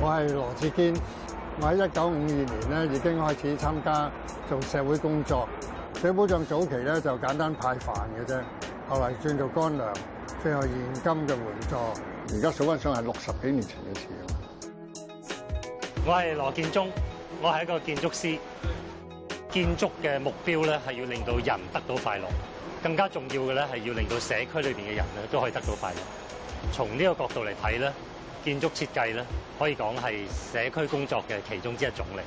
我係羅志堅，我喺一九五二年咧，已經開始參加做社會工作。社會保障早期咧就簡單派飯嘅啫，後來轉做乾糧，最後現金嘅援助。而家數翻數係六十幾年前嘅事。我係羅建忠，我係一個建築師。建築嘅目標咧，係要令到人得到快樂，更加重要嘅咧，係要令到社區裏邊嘅人咧都可以得到快樂。從呢個角度嚟睇咧。建築設計咧，可以講係社區工作嘅其中之一種嚟。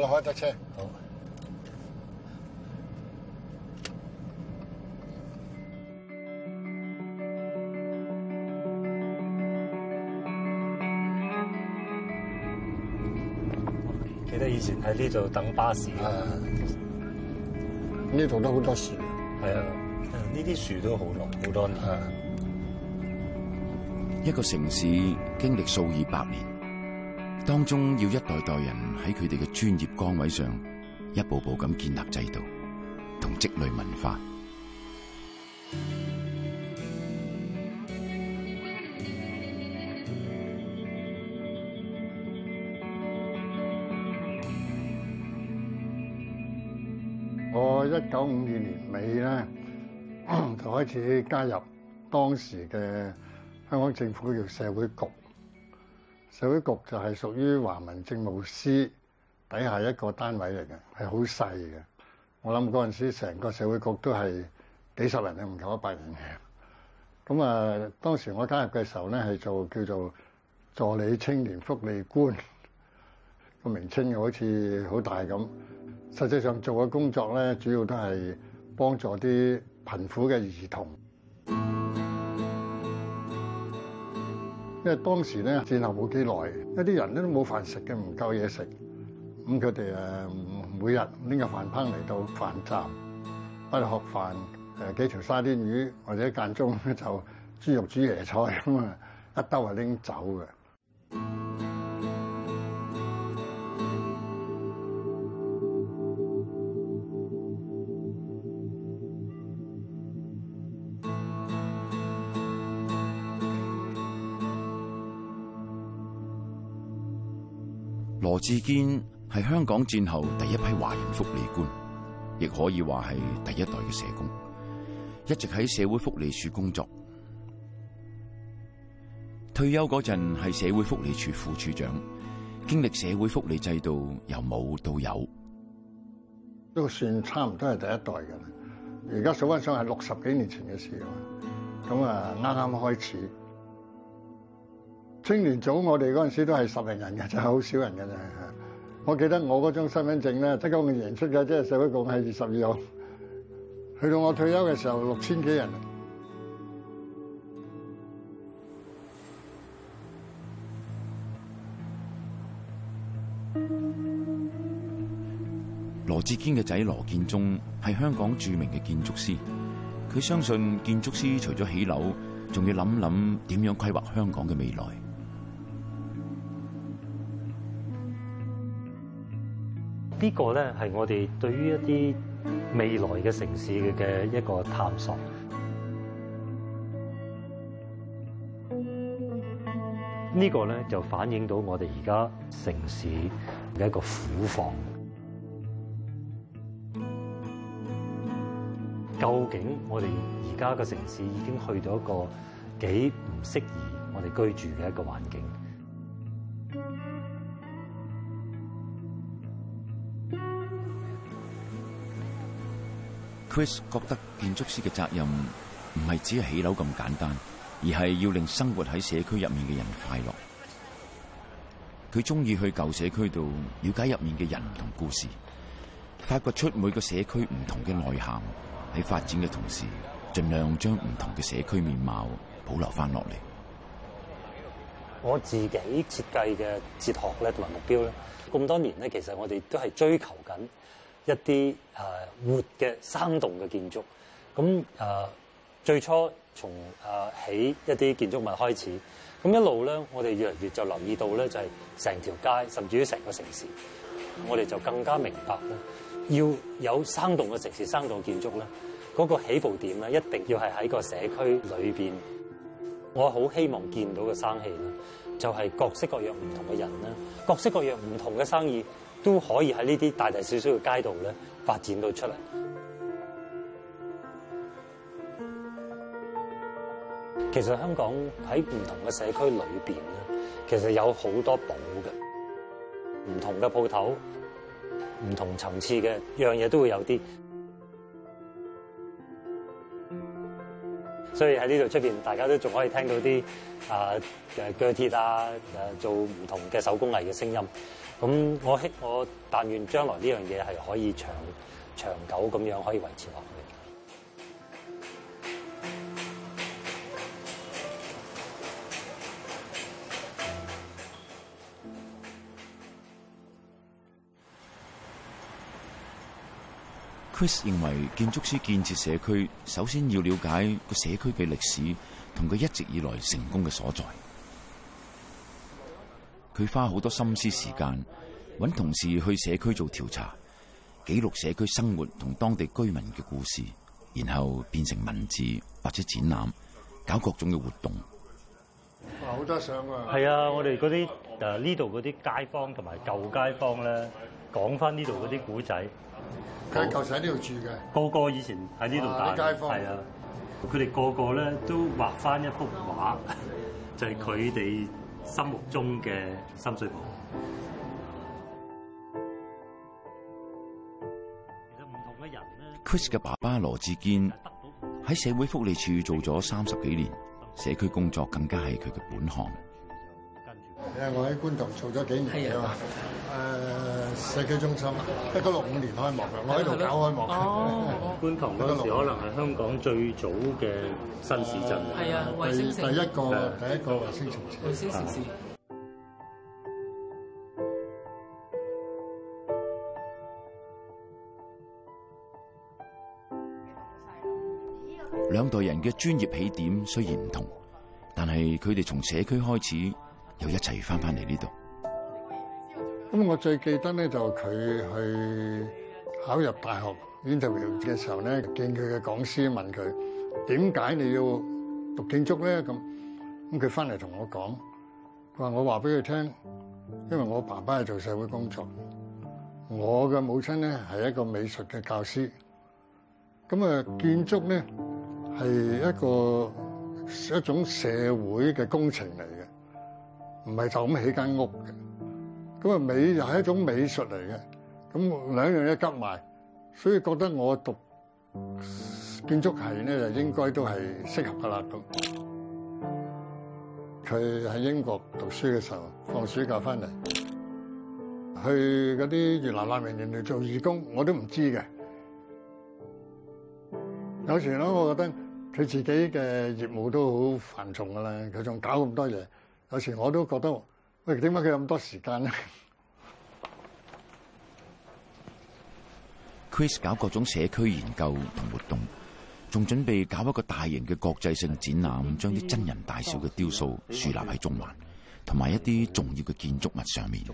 我開架車，好記得以前喺呢度等巴士啊，呢度都好多樹，係啊，呢啲樹都好濃，好多啊。一個城市經歷數以百年，當中要一代代人喺佢哋嘅專業崗位上，一步步咁建立制度同積累文化。我一九五二年尾咧，就開始加入當時嘅香港政府嘅社會局。社會局就係屬於華民政務司底下一個單位嚟嘅，係好細嘅。我諗嗰陣時，成個社會局都係幾十人嘅，唔夠一百人嘅。咁啊，當時我加入嘅時候咧，係做叫做助理青年福利官，個名稱好似好大咁。實際上做嘅工作咧，主要都係幫助啲貧苦嘅兒童。因為當時咧，戰後冇幾耐，一啲人咧都冇飯食嘅，唔夠嘢食。咁佢哋誒，每日拎個飯烹嚟到飯站，不學飯幾條沙甸魚，或者間中咧就豬肉煮椰菜咁啊，一兜啊拎走嘅。羅志堅係香港戰後第一批華人福利官，亦可以話係第一代嘅社工，一直喺社會福利處工作。退休嗰陣係社會福利處副處長，經歷社會福利制度由冇到有,有，都算差唔多係第一代㗎喇。而家數翻上係六十幾年前嘅事啊，咁啊啱啱開始。青年組我哋嗰陣時都係十零人嘅，就係好少人嘅啫。我記得我嗰張身份證咧，即刻我認出嘅，即係社會局係二十二號。去到我退休嘅時候，六千幾人。羅志堅嘅仔羅建忠係香港著名嘅建築師，佢相信建築師除咗起樓仲要諗諗點樣規劃香港嘅未來。呢個咧係我哋對於一啲未來嘅城市嘅一個探索。呢個咧就反映到我哋而家城市嘅一個苦況。究竟我哋而家嘅城市已經去到一個幾唔適宜我哋居住嘅一個環境？Chris 覺得建築師嘅責任唔係只係起樓咁簡單，而係要令生活喺社區入面嘅人快樂。佢中意去舊社區度了解入面嘅人同故事，發掘出每個社區唔同嘅內涵。喺發展嘅同時，盡量將唔同嘅社區面貌保留翻落嚟。我自己設計嘅哲學咧同埋目標咧，咁多年咧，其實我哋都係追求緊。一啲活嘅生動嘅建築，咁、呃、最初從、呃、起一啲建築物開始，咁一路咧，我哋越嚟越就留意到咧，就係成條街甚至於成個城市，我哋就更加明白呢要有生動嘅城市、生動建築咧，嗰、那個起步點咧，一定要係喺個社區裏面。我好希望見到嘅生氣咧，就係、是、各式各樣唔同嘅人啦，各式各樣唔同嘅生意。都可以喺呢啲大大小小嘅街道咧發展到出嚟。其實香港喺唔同嘅社區裏邊咧，其實有好多寶嘅，唔同嘅鋪頭，唔同層次嘅樣嘢都會有啲。所以喺呢度出邊，大家都仲可以聽到啲啊鋸鐵啊，誒做唔同嘅手工藝嘅聲音。咁我希我但願將來呢樣嘢，係可以長長久咁樣可以維持落去。Chris 認為建築師建設社區，首先要了解個社區嘅歷史同佢一直以來成功嘅所在。佢花好多心思時間，揾同事去社區做調查，記錄社區生活同當地居民嘅故事，然後變成文字或者展覽，搞各種嘅活動。好多相啊！係啊，啊，我哋嗰啲誒呢度嗰啲街坊同埋舊街坊咧，講翻呢度嗰啲古仔。佢舊時喺呢度住嘅，個個以前喺呢度打街坊，係啊！佢哋、啊、個個咧都畫翻一幅畫，就係佢哋。心目中嘅深水埗，其實唔同嘅人咧，Chris 嘅爸爸羅志堅喺社會福利署做咗三十幾年，社區工作更加係佢嘅本行。跟住係我喺觀塘做咗幾年嘅嘛？誒、uh-huh.。社區中心，一九六五年開幕嘅，我喺度搞開幕,開幕,開幕。哦，哦觀塘嗰陣時可能係香港最早嘅新市鎮，係啊，衛星城，第一個第一個衛星城市。兩代人嘅專業起點雖然唔同，但係佢哋從社區開始，又一齊翻返嚟呢度。咁我最記得咧，就佢去考入大學 Interview 嘅時候咧，見佢嘅講師問佢點解你要讀建築咧？咁咁佢翻嚟同我講，話我話俾佢聽，因為我爸爸係做社會工作，我嘅母親咧係一個美術嘅教師。咁啊，建築咧係一個一種社會嘅工程嚟嘅，唔係就咁起間屋嘅。咁啊美又係一種美術嚟嘅，咁兩樣嘢夾埋，所以覺得我讀建築系咧就應該都係適合噶啦。佢喺英國讀書嘅時候放暑假翻嚟，去嗰啲越南難民營嚟做義工，我都唔知嘅。有時咧，我覺得佢自己嘅業務都好繁重噶啦，佢仲搞咁多嘢，有時我都覺得都。喂，點解佢咁多時間咧？Chris 搞各種社區研究同活動，仲準備搞一個大型嘅國際性展覽，將啲真人大小嘅雕塑樹立喺中環同埋一啲重要嘅建築物上面。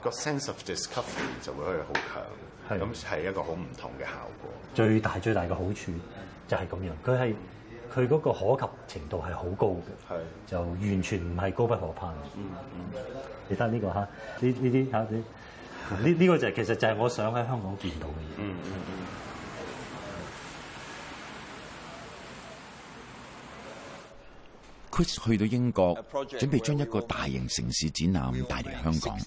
個 sense of discovery 就會係好強，咁係一個好唔同嘅效果。最大最大嘅好處就係咁樣，佢係。佢嗰個可及程度係好高嘅，就完全唔係高不可攀嘅、嗯嗯。你睇下呢、呢個嚇？呢呢啲嚇？呢呢、啊呢個就係、其實就係我想喺香港見到嘅嘢，嗯嗯嗯。Chris 去到英國，準備將一個大型城市展覽帶嚟香港。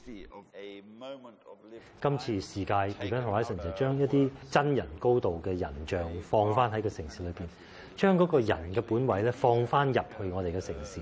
今次世界而家，Horizon 就將一啲真人高度嘅人像放翻喺個城市裏邊。將嗰個人嘅本位咧，放翻入去我哋嘅城市。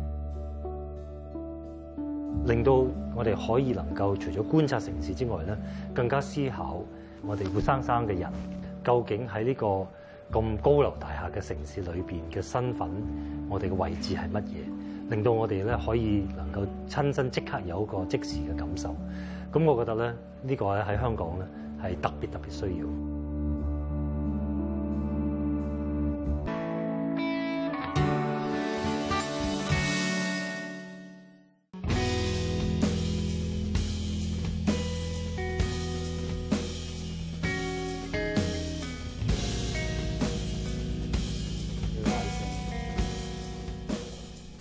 令到我哋可以能夠除咗觀察城市之外咧，更加思考我哋活生生嘅人，究竟喺呢個咁高樓大廈嘅城市裏邊嘅身份，我哋嘅位置係乜嘢？令到我哋咧可以能夠親身即刻有一個即時嘅感受。咁我覺得咧，呢個咧喺香港咧係特別特別需要。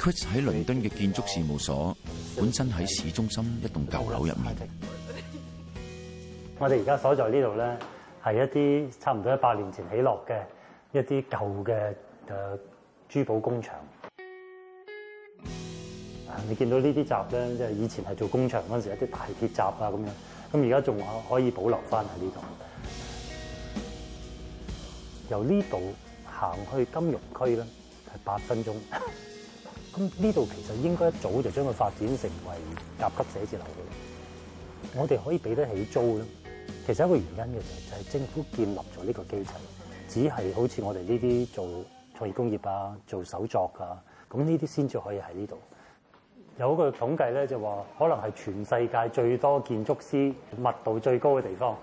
佢喺倫敦嘅建築事務所，本身喺市中心一棟舊樓入面。我哋而家所在呢度咧，係一啲差唔多一百年前起落嘅一啲舊嘅誒珠寶工場啊。你見到呢啲閘咧，即係以前係做工場嗰陣時候一啲，一啲大鐵閘啊咁樣。咁而家仲可以保留返喺呢度。由呢度行去金融區咧，係八分鐘。咁呢度其實應該一早就將佢發展成為甲級寫字樓嘅。我哋可以俾得起租咯。其實一個原因嘅就係政府建立咗呢個基層，只係好似我哋呢啲做創業工業啊、做手作啊，咁呢啲先至可以喺呢度。有個統計咧，就話可能係全世界最多建築師密度最高嘅地方。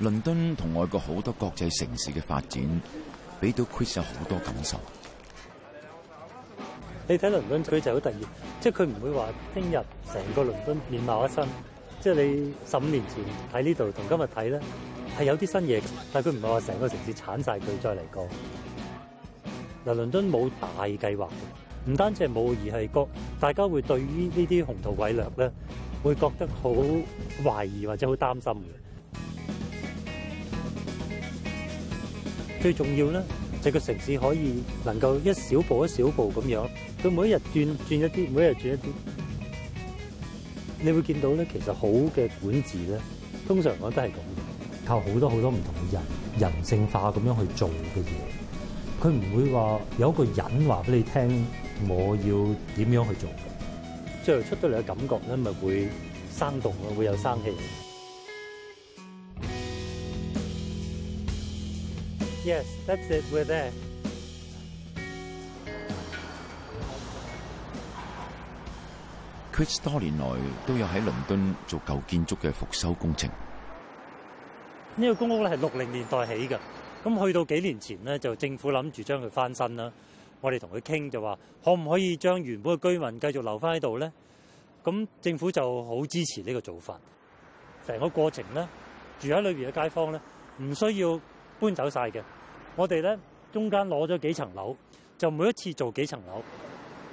倫敦同外國好多國際城市嘅發展，俾到 Crystal 好多感受。你睇倫敦佢就好突然，即係佢唔會話聽日成個倫敦面貌一新，即係你十五年前睇呢度同今日睇咧係有啲新嘢，但佢唔係話成個城市鏟曬佢再嚟過，嗱，倫敦冇大計劃嘅，唔單止係冇，而係個大家會對於呢啲宏圖偉略咧會覺得好懷疑或者好擔心嘅。最重要咧。即係個城市可以能夠一小步一小步咁樣，佢每一日轉，轉一啲，每一日轉一啲，你會見到咧。其實好嘅管治咧，通常我都係咁嘅，靠好多好多唔同嘅人人性化咁樣去做嘅嘢。佢唔會話有一個人話俾你聽，我要點樣去做嘅，最後出到嚟嘅感覺咧，咪會生動咯，會有生氣。Yes, that's it. We're there. Chris 多年來都有喺倫敦做舊建築嘅復修工程。呢個公屋咧係六零年代起嘅，咁去到幾年前呢，就政府諗住將佢翻新啦。我哋同佢傾就話，可唔可以將原本嘅居民繼續留返喺度咧？咁政府就好支持呢個做法。成個過程咧，住喺裏邊嘅街坊咧，唔需要搬走晒嘅。我哋咧，中間攞咗幾層樓，就每一次做幾層樓，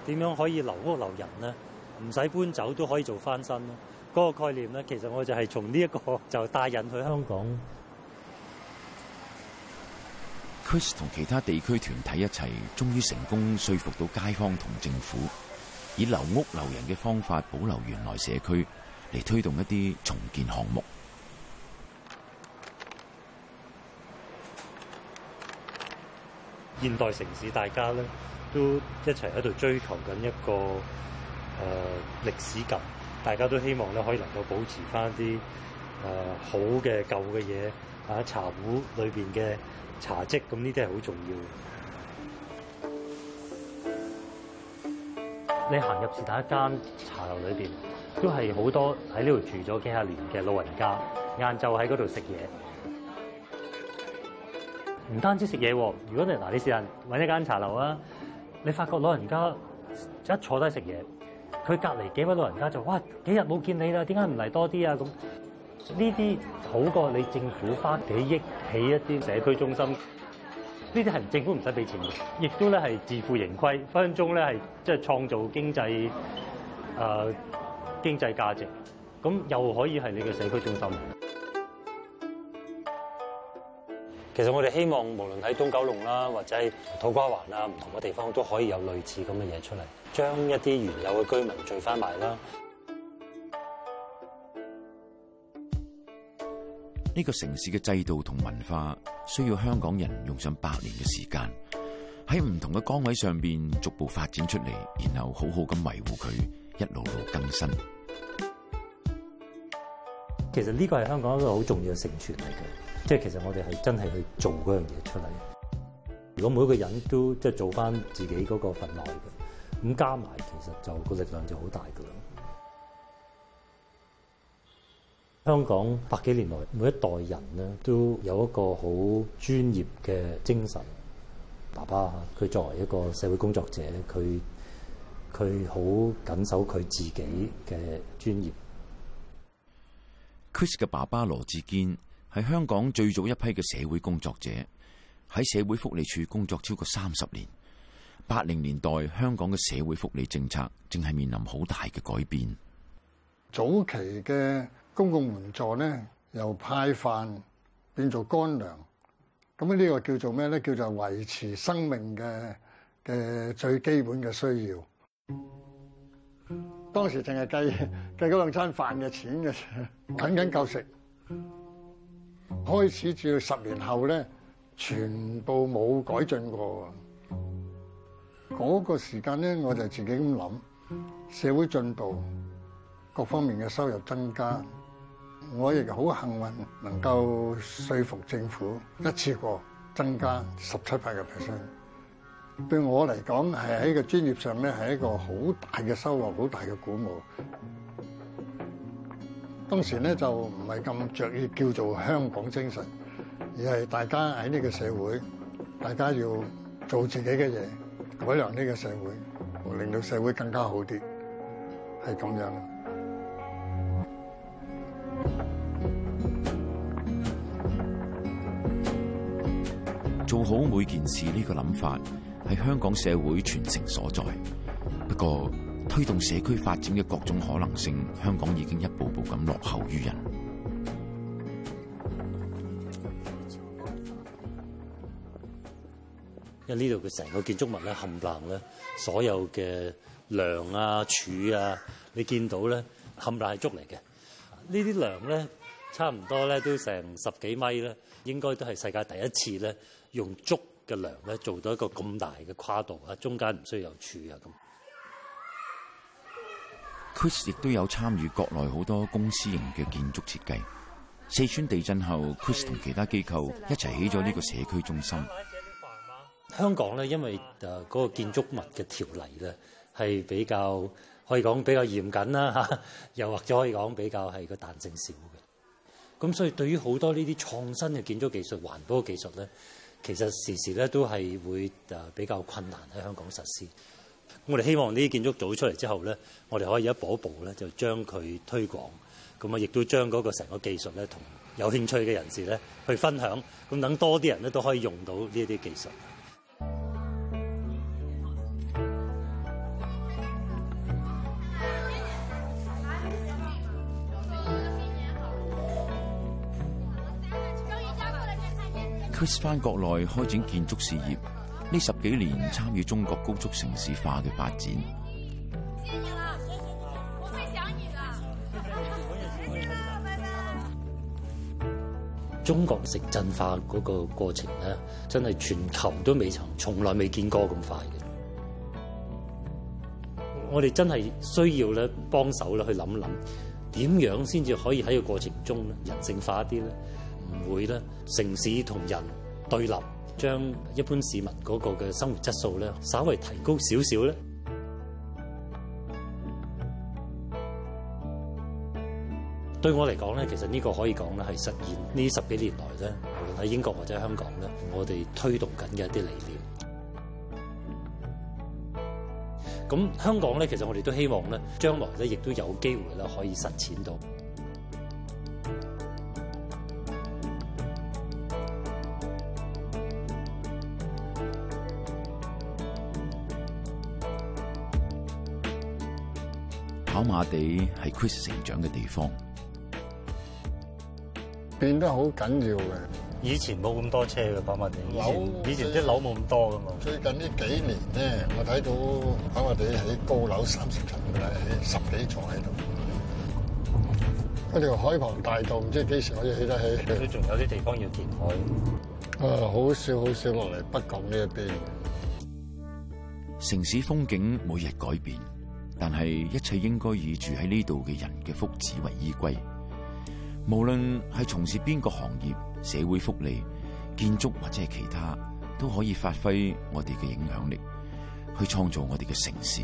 點樣可以留屋留人呢？唔使搬走都可以做翻新咯。嗰個概念咧，其實我就係從呢一個就帶引去香港。Chris 同其他地區團體一齊，終於成功說服到街坊同政府，以留屋留人嘅方法保留原來社區，嚟推動一啲重建項目。現代城市，大家咧都一齊喺度追求緊一個誒、呃、歷史感，大家都希望咧可以能夠保持翻啲誒好嘅舊嘅嘢，嚇、啊、茶壺裏邊嘅茶漬，咁呢啲係好重要嘅。你行入是但一間茶樓裏邊，都係好多喺呢度住咗幾十年嘅老人家，晏晝喺嗰度食嘢。唔單止食嘢喎，如果你嗱，你試下揾一間茶樓啊，你發覺老人家一坐低食嘢，佢隔離幾位老人家就哇，幾日冇見你啦，點解唔嚟多啲啊？咁呢啲好過你政府花幾億起一啲社區中心，呢啲係政府唔使俾錢嘅，亦都咧係自負盈虧，分分鐘咧係即係創造經濟誒、呃、經濟價值，咁又可以係你嘅社區中心。其實我哋希望，無論喺東九龍啦，或者係土瓜灣啊，唔同嘅地方都可以有類似咁嘅嘢出嚟，將一啲原有嘅居民聚翻埋啦。呢個城市嘅制度同文化，需要香港人用上百年嘅時間，喺唔同嘅崗位上邊逐步發展出嚟，然後好好咁維護佢，一路路更新。其實呢個係香港一個好重要嘅成全嚟嘅。即係其實我哋係真係去做嗰樣嘢出嚟。如果每一個人都即係做翻自己嗰個份內嘅，咁加埋其實就個力量就好大噶啦。香港百幾年來每一代人咧都有一個好專業嘅精神。爸爸佢作為一個社會工作者，佢佢好緊守佢自己嘅專業。Chris 嘅爸爸羅志堅。係香港最早一批嘅社會工作者，喺社會福利署工作超過三十年。八零年代香港嘅社會福利政策正係面臨好大嘅改變。早期嘅公共援助咧，由派飯變做乾糧，咁呢個叫做咩咧？叫做維持生命嘅嘅最基本嘅需要。當時淨係計計嗰兩餐飯嘅錢嘅啫，僅僅夠食。開始至到十年後咧，全部冇改進過。嗰、那個時間咧，我就自己咁諗，社會進步，各方面嘅收入增加，我亦好幸運能夠說服政府一次過增加十七八個 percent。對我嚟講，係喺個專業上咧，係一個好大嘅收穫，好大嘅鼓舞。當時咧就唔係咁着意叫做香港精神，而係大家喺呢個社會，大家要做自己嘅嘢，改良呢個社會，令到社會更加好啲，係咁樣。做好每件事呢個諗法係香港社會傳承所在，不過。推動社區發展嘅各種可能性，香港已經一步步咁落後於人，因為呢度嘅成個建築物咧，冚唪唥咧，所有嘅梁啊、柱啊，你見到咧，冚唪唥係竹嚟嘅。呢啲梁咧，差唔多咧都成十幾米咧，應該都係世界第一次咧，用竹嘅梁咧，做到一個咁大嘅跨度啊，中間唔需要有柱啊咁。Chris 亦都有參與國內好多公司型嘅建築設計。四川地震後，Chris 同其他機構一齊起咗呢個社區中心。香港咧，因為誒嗰個建築物嘅條例咧，係比較可以講比較嚴謹啦，又或者可以講比較係個彈性少嘅。咁所以對於好多呢啲創新嘅建築技術、環保技術咧，其實時時咧都係會誒比較困難喺香港實施。我哋希望呢啲建築做出嚟之後咧，我哋可以一步一步咧就將佢推廣，咁啊亦都將嗰個成個技術咧同有興趣嘅人士咧去分享，咁等多啲人咧都可以用到呢一啲技術。Chris 返國內開展建築事業。呢十幾年參與中國高速城市化嘅發展，中國城鎮化嗰個過程咧，真係全球都未曾、從來未見過咁快嘅。我哋真係需要咧，幫手咧去諗諗，點樣先至可以喺個過程中咧人性化一啲咧，唔會咧城市同人對立。將一般市民嗰個嘅生活質素咧，稍為提高少少咧。對我嚟講咧，其實呢個可以講咧係實現呢十幾年來咧，無論喺英國或者香港咧，我哋推動緊嘅一啲理念。咁香港咧，其實我哋都希望咧，將來咧亦都有機會咧可以實踐到。跑馬地係 Chris 成長嘅地方，變得好緊要嘅。以前冇咁多車嘅跑馬地，以前樓以前啲樓冇咁多噶嘛。最近呢幾年咧，我睇到跑馬地喺高樓三十層噶啦，起十幾座喺度。一條海旁大道，唔知幾時可以起得起。仲有啲地方要填海。啊，好少好少落嚟北角呢一邊。城市風景每日改變。但係一切應該以住喺呢度嘅人嘅福祉為依歸，無論係從事邊個行業、社會福利、建築或者係其他，都可以發揮我哋嘅影響力，去創造我哋嘅城市。